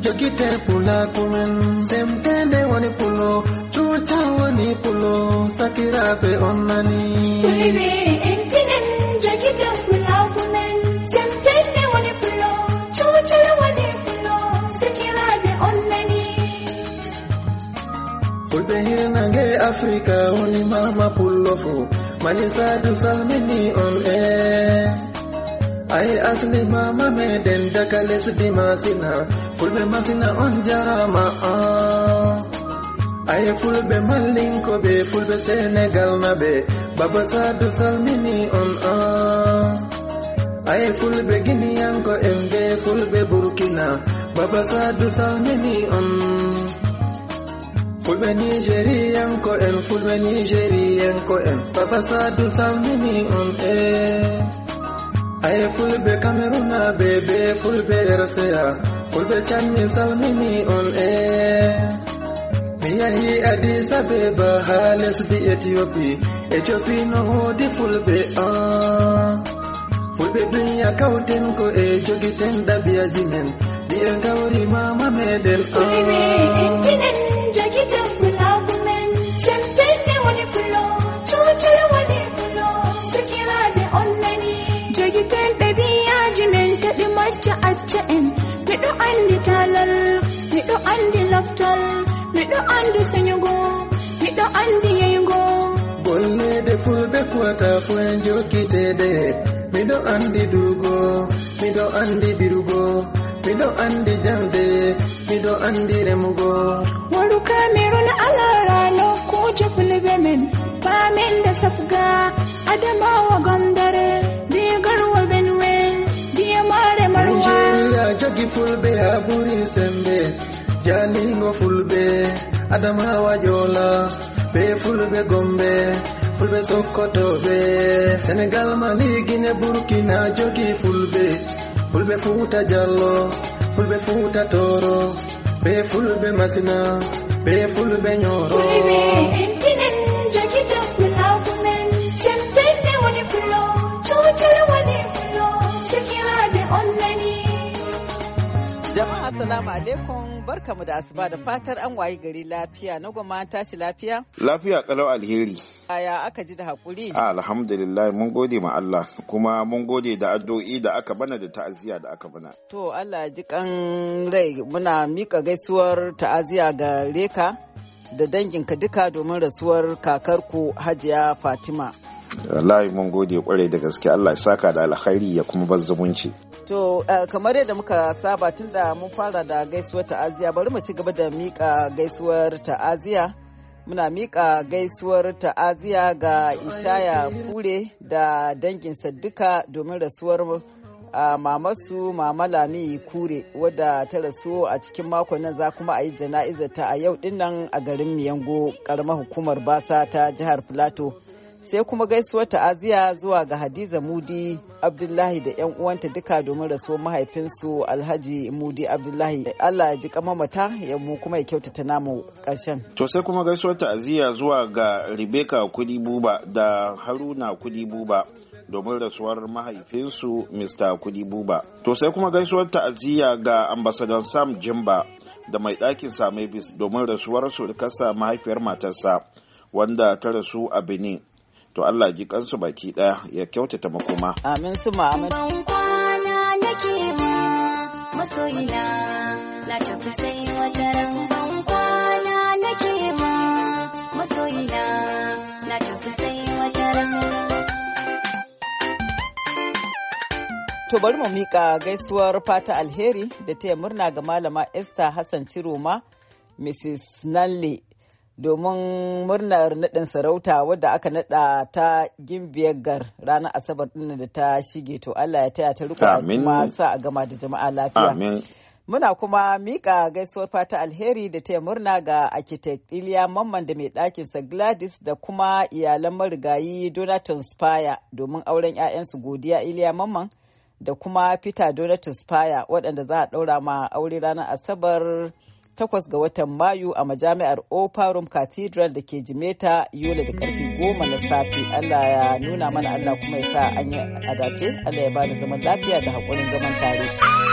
jogite pula kumen semtende wani pulo chucha wani pulo sakira pe onnani kulve entinen jogite pula kumen semtende wani pulo chucha wani pulo sakira pe onani. onnani kulve ge afrika woni mama pulo fu malisa du salmini on air ai asli mama me den daga lesdi masina fulɓe masina on jarama a aye fulɓe mallinkoɓe fulɓe senegal na be, baba sadu salmini on a aye fulɓe guiniyanko en be fulɓe burkina baba sadu salmini on fulɓe nigériyanko en fulɓe nigériyanko en baba sadu salmini on e eh. aye fulɓe camerunaɓe be fulɓe rca kulbe can misal mini on air miyahi addis abeba halis di ethiopi ethiopi no hodi fulbe on fulɓe duniya kawten ko e jogiten dabiyaji men ɗiye gawri mama meɗen on acca en miɗo anndi talal miɗo anndi loftal miɗo anndi señugo miɗo anndi yeyngo bolleede fulɓe kuwata koen jokkiteede miɗo anndi duugo miɗo anndi birugo miɗo anndi jamde miɗo anndi remugo wolu kamerona alaraano kuuje fulɓe men paamen nde safga adamawa gonda nigeria jogi fulɓe ha ɓuri sembe jalingo fulɓe adamawa jola be fulɓe gombe sokoto be. sénégal mali guine burkina jogi fulɓe fulɓe fuuta diallo fulɓe fuuta toro be fulɓe masina be fulɓe ñoro on Jama'a assalamu alaikum barkamu da asuba da fatar an wayi gari lafiya na gwamma tashi lafiya? Lafiya kalau alheri. Aya aka ji da haƙuri? Ah, alhamdulillah mun gode ma Allah kuma mun gode da addu'o'i da aka bana da ta'aziyya da aka bana. To Allah ji kan rai muna mika gaisuwar ta'aziyya ga Reka da danginka duka domin rasuwar kakarku Hajiya Fatima. wallahi mun gode kwarai da gaske Allah ya saka da alkhairi ya kuma bar zumunci to eh, kamar yadda muka saba tun da mun fara da gaisuwar ta'aziya bari mu ci gaba da mika gaisuwar ta'aziya muna mika gaisuwar ta'aziya ga ishaya kure da dangin sadduka domin rasuwar mamasu mama lami kure wadda ta rasu a cikin makon nan za kuma a yi jana'izar ta a yau dinnan a garin miyango karamar hukumar basa ta jihar plateau sai kuma gaisuwar ta'aziyya zuwa ga hadiza mudi abdullahi da yan uwanta duka domin rasuwar mahaifinsu alhaji mudi abdullahi allah ya ji kamamata ya mu kuma ya kyautata namu karshen to sai kuma gaisuwar ta'aziyya zuwa ga rebecca kudi buba da haruna kudi buba domin rasuwar mahaifinsu mr kudi buba to sai kuma gaisuwar ta'aziyya ga ambasadan sam jimba da mai ɗakin sa mavis domin rasuwar surukarsa mahaifiyar matarsa wanda ta rasu a benin to Allah ji kansu baki daya ya kyautata makoma amin su Muhammad kwana nake ma masoyina na tafi sai wata ran ban kwana nake ba masoyina na tafi sai wata ran To bari mu mika gaisuwar fata alheri da taya murna ga malama Esther Hassan Ciroma, Mrs. Nanle domin murnar naɗin sarauta wadda aka naɗa ta gimbiyar gar ranar asabar ɗin da ta shige to Allah ya taya ta riko kuma sa a gama da jama'a lafiya. Muna kuma miƙa gaisuwar fata alheri da taya murna ga architect Iliya Mamman da mai ɗakinsa Gladys da kuma iyalan marigayi Donatus Spire domin auren 'ya'yansu godiya Iliya Mamman da kuma Peter Donatus Spire waɗanda za a ɗaura ma aure ranar Asabar. Takwas ga watan Mayu a majami'ar Oparum Cathedral da ke Jimeta Yola da karfe goma na safe. Allah ya nuna mana Allah kuma ya sa an yi adace, Allah ya bada zaman lafiya da haƙurin zaman tare.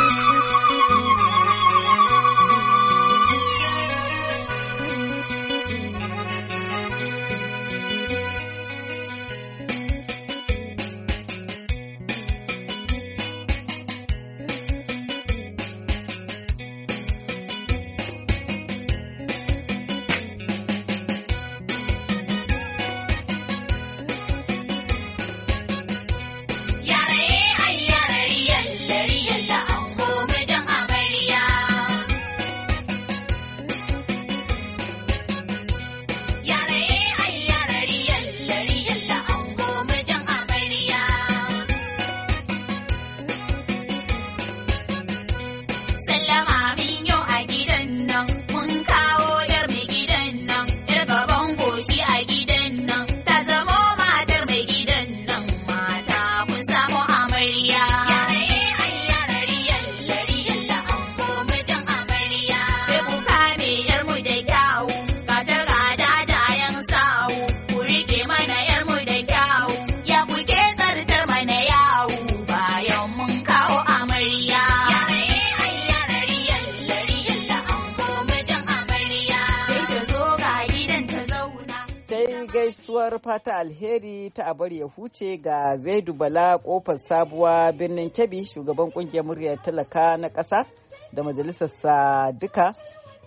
gaisuwar fata alheri ta abar ya huce ga zaidu bala kofar sabuwa birnin kebbi shugaban kungiyar muryar talaka na ƙasa da majalisar duka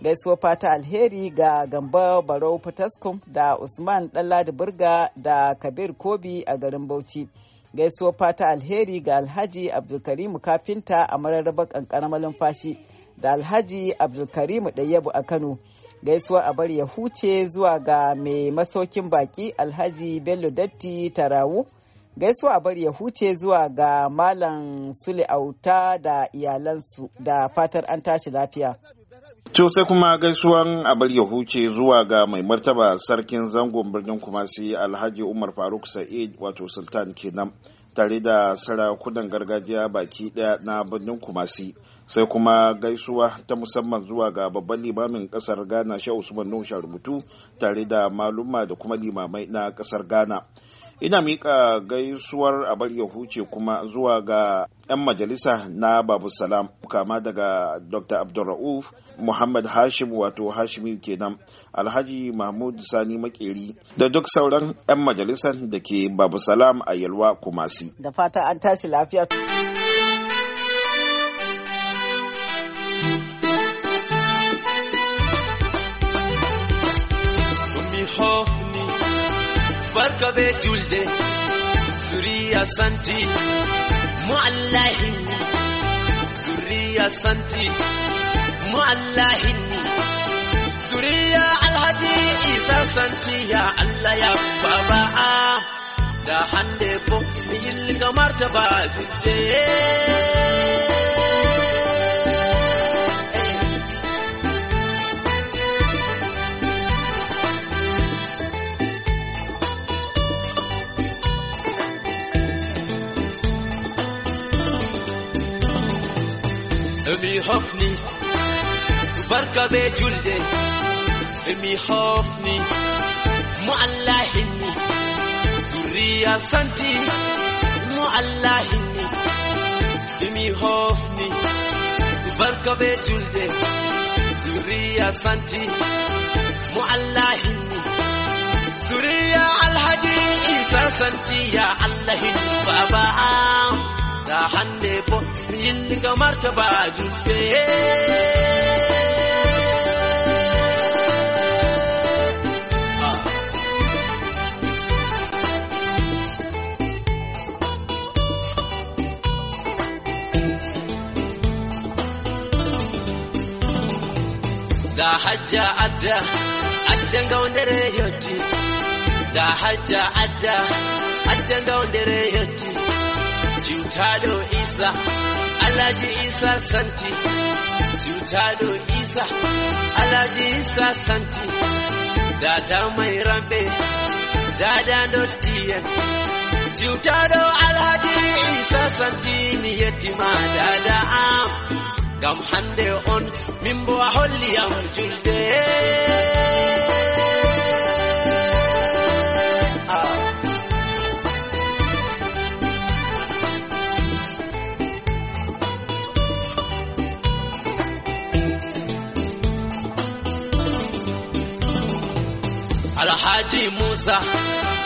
gaisuwar fata alheri ga gamba barau fataskum da usman ɗanladi burga da kabir kobi a garin bauchi gaisuwar fata alheri ga alhaji abdulkarimu kafinta a mararraba kankanar malumfashi da alhaji abdulkarimu ɗayyabu a kano gaisuwa a bari ya huce zuwa ga mai masaukin baki alhaji bello datti tarawu gaisuwa a bari ya huce zuwa ga malam sule auta da iyalansu da fatar an tashi lafiya To sai kuma gaisuwan abar ya huce zuwa ga mai martaba sarkin zangon birnin kumasi alhaji umar faruk sa'id wato sultan kenan tare da sarakunan gargajiya baki daya na birnin kumasi sai kuma gaisuwa ta musamman zuwa ga babban limamin kasar ghana sha usman sha rubutu tare da maluma da kuma limamai na kasar ghana ina miƙa gaisuwar abar ya huce kuma zuwa ga 'yan majalisa na babu salam kama daga dr abdulra'uf muhammad hashim wato hashimi kenan alhaji mahmud sani makeri da duk sauran 'yan majalisar da ke babu salam a yalwa kumasi da fata an tashi lafiya santi mu allahin zuriya santi mu allahin zuriya alhaji isa santi ya allah ya baba da hande bo ta ba jidde بيحفني بركب جلدي بيحفني مع الله إني ذرية سنتي مع الله إني بيحفني بركب جلدي ذرية سنتي مع الله إني ذرية الهدي إنسان سنتي يا الله بابا دا حنبو kin ga martaba jufe. da hajja adda addan ga wandere yotti da hajja adda addan ga wandere yotti cuta do isa Alaji Isa Santi Jutado Isa Alaji Isa Santi Dada mai rambe Dada No dottiyen Jutado Alaji Isa Santi ni yetima dada am Gam hande on mimbo a holliyam julde Musa,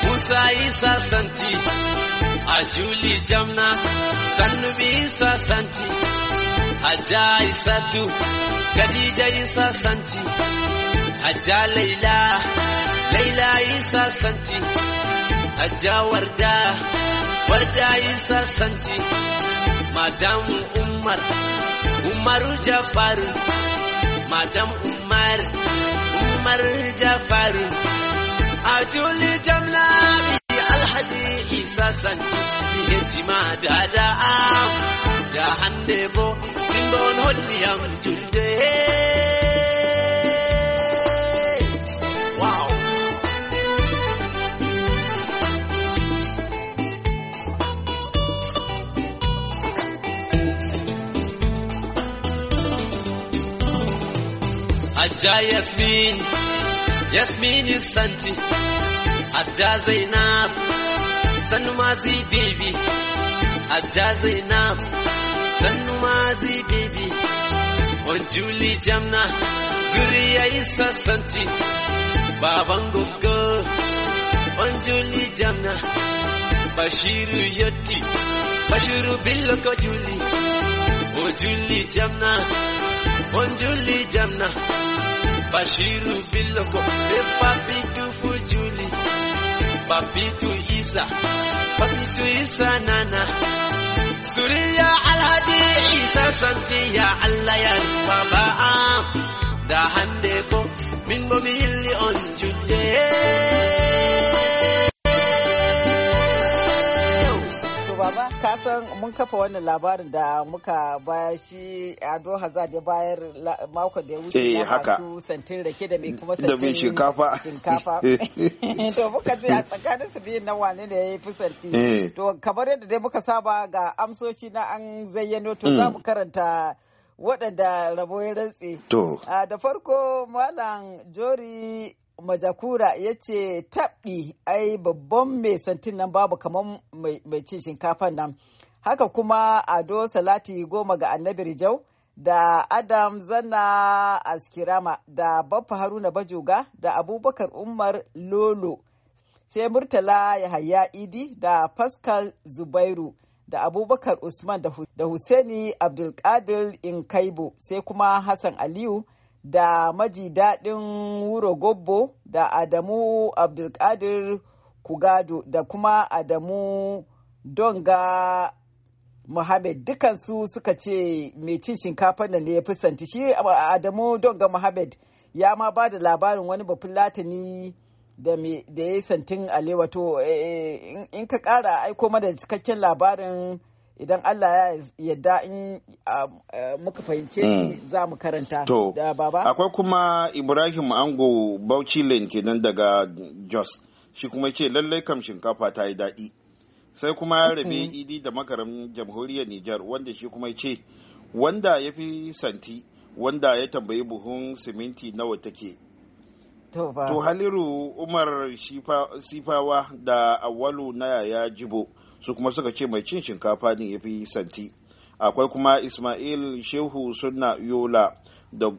Musa Isa Santi, a Juli Jamna, Sannubi Isa Santi, Hajja Isatu, Khadija Isa Santi, Hajja Laila, Laila Isa Santi, Hajja Warda, Warda Isa Santi, Madam Umar, Umaru Jafaru, Madam Umar, Umar Jafaru. أجولي جملة الحديث ساسنت به اعتماد أداء دا هندبو من بون هدني أمن جلدي جاي ياسمين Yasmin is Santi, Adja Zainab, Sanumazi baby, Adja Zainab, Sanumazi baby, on Julie Jamna, Guriya Isa Santi, Baban Gogo, on Julie Jamna, Bashiru Yoti, Bashiru Biloko Julie, on Julie Jamna, on Julie Jamna. Bashiru Biloko, the Papitu Fujuli, Papitu Isa, Papitu Isa Nana, Suriya Alhaji Isa Santiya Allah ya Baba da hande ko min bo mi baba ka san mun kafa wannan labarin da muka baya shi Ado Hazard ya bayar mako da ya wuce eh haka santin rake da mai kuma santin da mai shinkafa shinkafa to muka ji a tsakanin su biyun nan wane ne yayi fisanti eh. to kamar yadda dai muka saba ga amsoshi na an zayyano to za mu mm. karanta waɗanda rabo ya rantse. To. Ah, da farko Malam Jori majakura ya ce taɓi ai babban mai santin nan babu kamar mai cin shinkafan nan haka kuma ado salati goma ga annabi rijau da adam zana askirama da baffa haruna bajoga da abubakar umar lolo sai murtala yahaya idi da pascal zubairu da abubakar usman da husaini abdulkadir inkaibo sai kuma hassan aliyu da maji daɗin wuro gobbo da adamu abdulkadir kugado da kuma adamu donga muhammed dukansu suka ce mai cin shinkafa da ne ya fusanti shi Adamu Donga muhammed ya ma ba da labarin wani bafin latini da ya santin alewa to eh, eh, in ka kara aiko mana cikakken labarin idan Allah ya yadda in muka fahimce shi hmm. za mu karanta da Akwai kuma Ibrahim Ango Bauchi Lane nan daga Jos. Shi kuma ce lallai kam shinkafa ta yi daɗi. Sai kuma ya rabe mm-hmm. idi da makarin jamhuriyar Nijar wanda shi kuma ce wanda ya fi santi wanda ya tambayi buhun siminti nawa take to haliru umar sifawa da awalu na yaya jibo su kuma suka ce mai cin shinkafa ne ya fi santi akwai kuma ismail shehu suna yola da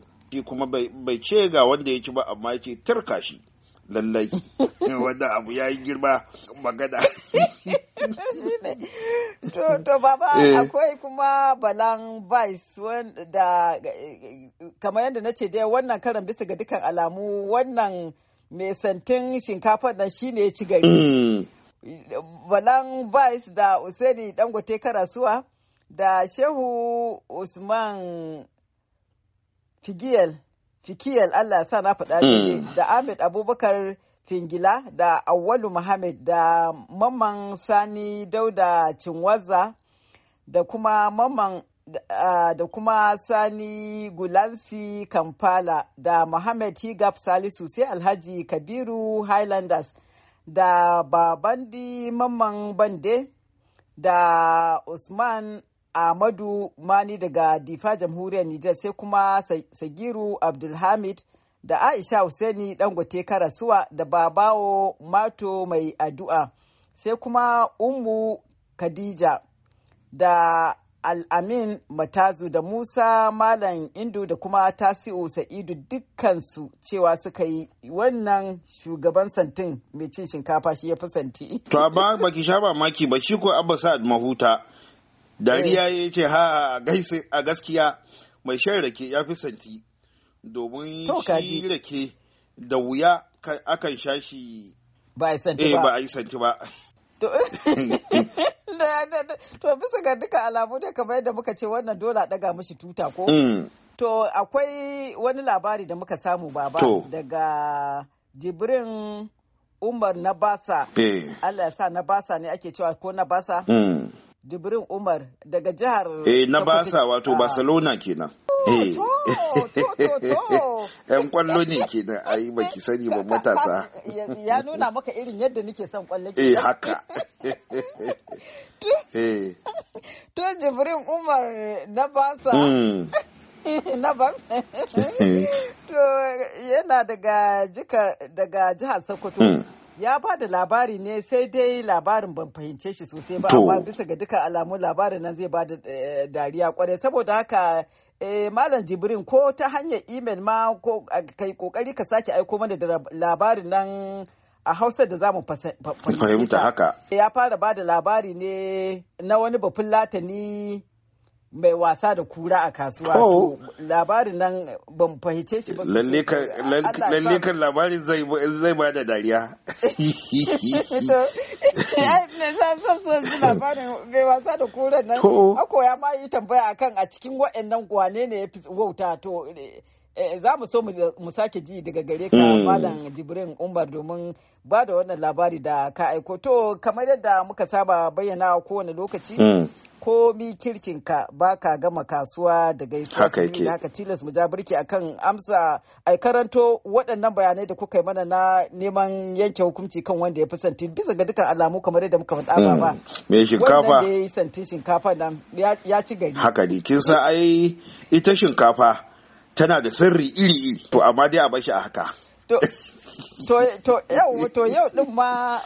kuma bai ce ga wanda ya ci ba amma ya ce tarka shi lallai wanda abu ya yi girma magana to baba eh. akwai kuma balan vice wanda kamar yadda na ce dai wannan karan bisa ga dukkan alamu wannan mai santin shinkafar nan shine ya ci gari mm. balan vice da usaini dangote karasuwa da shehu usman figiel Fikiyar Allah ya sana faɗa mm. da Ahmed Abubakar Fingila da Awalu Muhammad da Mamman Sani Dauda Cinwaza da kuma Mamman da kuma Sani Gulansi Kampala da Muhammad Higaf Salisu sai Alhaji Kabiru Highlanders da Babandi Mamman Bande da Usman Ahmadu Mani daga Difa Jamhuriyar Nijar sai kuma Sagiru Abdulhamid da Aisha Hussaini Dangote Karasuwa da Babawo Mato Mai Addu'a sai kuma Ummu Khadija da Al'amin Matazu da Musa Malam Indu da kuma Tasi'u Sa'idu dukkansu cewa suka yi wannan shugaban santin mai cin shinkafa shi ya fi santi. To ba baki sha ba maki ba shi ko Abba Sa'ad Mahuta dariya eh. ya ce ha a gaskiya mai shan rake ya fi santi domin shi rake da wuya akan sha shi ba a yi santi ba to bisa ga duka alamu da kamar yadda muka ce wannan dole a daga mashi tuta ko mm. to akwai wani labari da muka samu baba daga jibrin umar na basa eh. allah ya sa na basa ne ake cewa ko na basa mm. Jibrin Umar daga jihar. Eh na basa wato ah. Barcelona kenan. Oh, eh. Yan kwallo ne kenan ayi baki sani ba matasa. Ya nuna maka irin yadda nake son kwallo. Eh haka. Eh. To Jibrin Umar na basa. Hmm. na ban to yana daga jihar sokoto hmm. ya ba da labari ne sai dai labarin ban fahimce shi sosai ba amma bisa ga duka alamu labarin nan zai ba da eh, dariya kwarai saboda haka eh, malam jibrin ko ta hanyar imel ma ko kai kokari ka sake aiko mana da labarin nan a hausa da zamu fahimta haka eh, ya fara ba da labari ne na wani bafin latani mai wasa da kura a kasuwa. Oh. Labarin nan ban fahimce shi ba. Lalle kan labarin zai ba da dariya. labarin mai wasa da kura nan. Ako ya ma yi tambaya akan a cikin waɗannan gwane ne ya fi wauta to. Eh, za mu so mu sake ji daga gare ka hmm. Malam Jibrin Umar domin ba da wannan labari da ka aiko. To kamar yadda muka saba bayyana kowane lokaci. Hmm. komi kirkinka ba ka gama kasuwa da gaisuwa haka yake tilas mu ja birki akan amsa ai karanto waɗannan bayanai da kuka yi mana na neman yanke hukunci kan wanda ya fi santi bisa ga dukkan alamu kamar yadda muka faɗa ba mm. me shinkafa wanda ya yi shinkafa nan ya ci gari haka ne kin san ai ita shinkafa tana da sirri iri iri to amma dai a bashi a haka to yau to yau din ma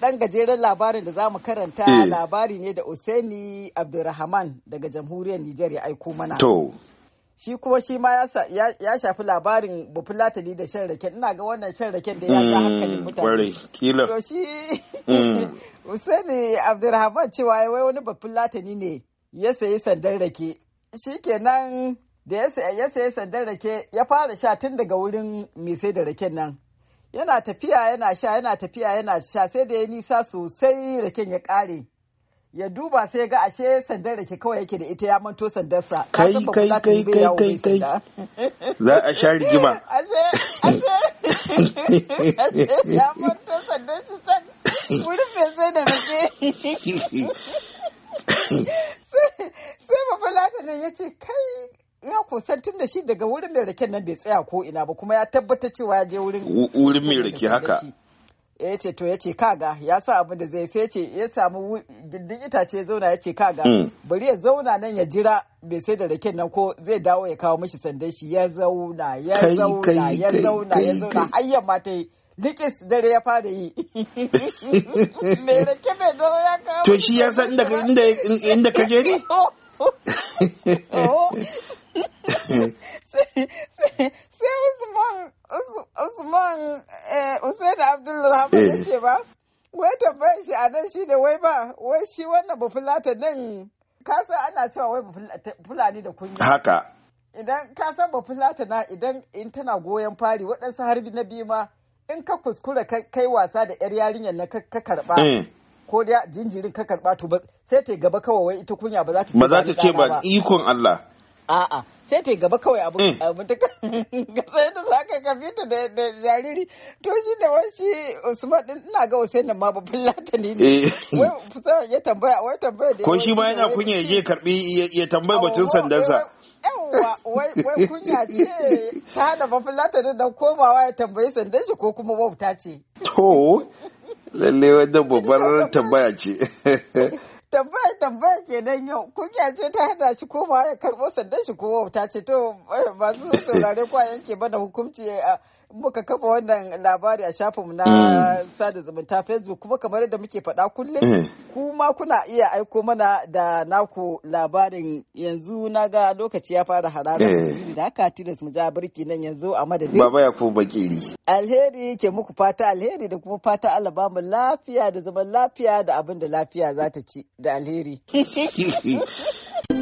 dan gajeren labarin da za mu karanta eh. labari ne da Useni Abdulrahman daga jamhuriyar Nijar ya aiko mana. To. Shi kuma shi ma ya shafi labarin bufulatali da shan raken ina ga wannan shan raken da ya sa mm, hankalin mutane. kila. To shi mm. Useni Abdulrahman cewa wai wani bufulatali ne ya sayi sandan rake. Shi da ya sayi sandan rake ya fara sha tun daga wurin mai sai da raken nan. yana tafiya yana sha yana tafiya yana sha sai da ya nisa sosai raken ya kare ya duba sai ga ashe sandar rake kawai yake da ita ya manto sandarsa kai kai kai kai kai kai za a sha rigima ashe ashe ya manto sandar su san wurin sai da rake sai babalata nan ya ce kai ya kusan tun da shi daga wurin mai raken nan bai tsaya ko ina ba kuma ya tabbata cewa ya je wurin wurin mai rake haka ya ce to ya ce kaga ya sa abin da zai sai ce ya samu gindin itace ya zauna ya ce kaga hmm. bari ya zauna nan ya jira bai sai da raken nan ko zai dawo ya kawo mishi sandan shi ya zauna ya zauna ya zauna ya zauna ayyan yamma ta yi likis dare ya fara yi mai rake mai dawo ya kawo to shi ya san inda ka je ne sai usman usman usaid eh, abdulrahman ya ce ba wai tambayar shi a nan shi ne wai ba wai shi wannan ba fulata nan ka san ana cewa wai fulani da kunya haka idan ka san ba fulata na idan in tana goyon fari waɗansu harbi na biyu ma in ka kuskura kai wasa da yar yarinyar na ka karɓa. Eh. ko da jinjirin ka karɓa to sai ta gaba kawai ita kunya ba za ta ce ba za ta ce ba ikon Allah A'a sai ta gaba kawai abu mm. abu ta sai da za ka fita da jariri to shi da wasu Usman din ina ga Hussein ma ba latani. ne eh. wai fusa ya tambaya wai tambaya da ko shi ma yana kunya ya je karbi ya tambaya batun sandansa wai kunya ce ta da fullata da komawa ya tambayi sandan shi ko kuma wauta ce to lalle wadda babbar tambaya ce tambaya tambaya nan yau kunya ce ta hada shi ko ma ya karɓo sandan shi ko ta ce to eh, masu saurare kwayan yanke mana hukunci eh, muka kafa wannan labari a shafinmu na mm. sada zumunta facebook kuma kamar yadda muke faɗa kullum eh. kuma kuna iya aiko mana da naku labarin yanzu na ga lokaci ya fara harara eh. da haka tilas mu ja birki nan yanzu a madadin baba ya ko bakiri alheri ke muku fata alheri da kuma fata Allah ba mu lafiya da zaman lafiya da abin da lafiya za ta ci da alheri